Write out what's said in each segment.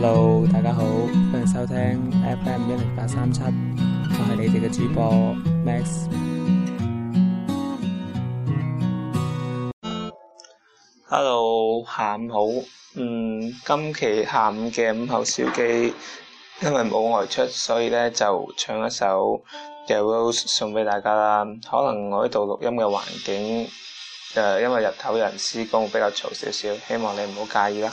hello，大家好，歡迎收聽 FM 一零八三七，我係你哋嘅主播 Max。hello，下午好。嗯，今期下午嘅午後小記，因為冇外出，所以咧就唱一首《The Rose》送俾大家啦。可能我呢度錄音嘅環境誒，因為日頭人施工比較嘈少少，希望你唔好介意啦。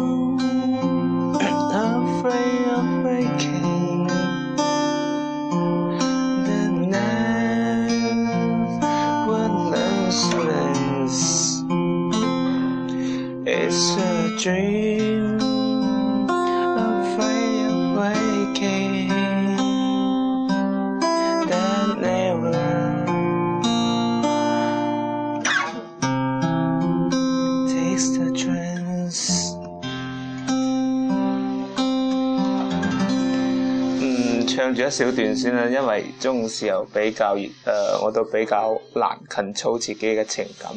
嗯，唱住一小段先啦，因為中午時候比較熱，誒、呃，我都比較難控制自己嘅情感。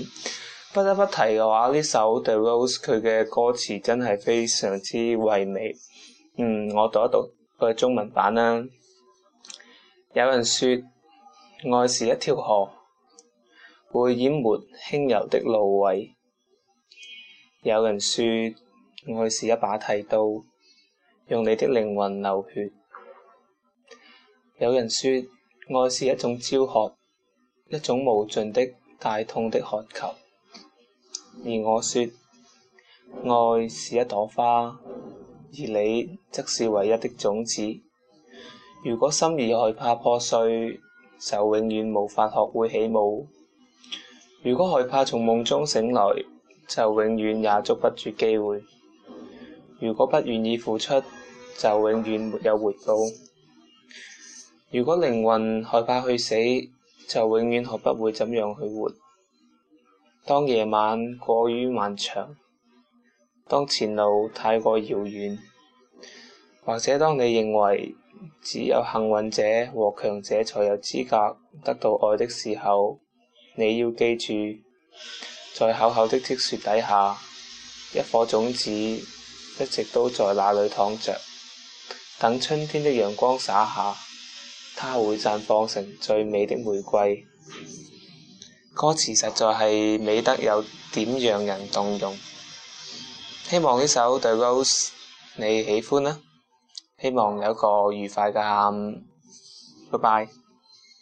不得不提嘅話，呢首《The Rose》佢嘅歌詞真係非常之唯美。嗯，我讀一讀佢嘅中文版啦。有人說，愛是一條河，會淹沒輕柔的蘆葦。有人說愛是一把剃刀，讓你的靈魂流血；有人說愛是一種焦渴，一種無盡的大痛的渴求。而我說愛是一朵花，而你則是唯一的種子。如果心兒害怕破碎，就永遠無法學會起舞。如果害怕從夢中醒來，就永遠也捉不住機會。如果不願意付出，就永遠沒有回報。如果靈魂害怕去死，就永遠學不會怎樣去活。當夜晚過於漫長，當前路太過遙遠，或者當你認為只有幸運者和強者才有資格得到愛的時候，你要記住。在厚厚的積雪底下，一顆種子一直都在那裏躺着，等春天的陽光灑下，它會綻放成最美的玫瑰。歌詞實在係美得有點讓人動容。希望呢首 The Rose 你喜歡啦，希望有一個愉快嘅下午。拜拜。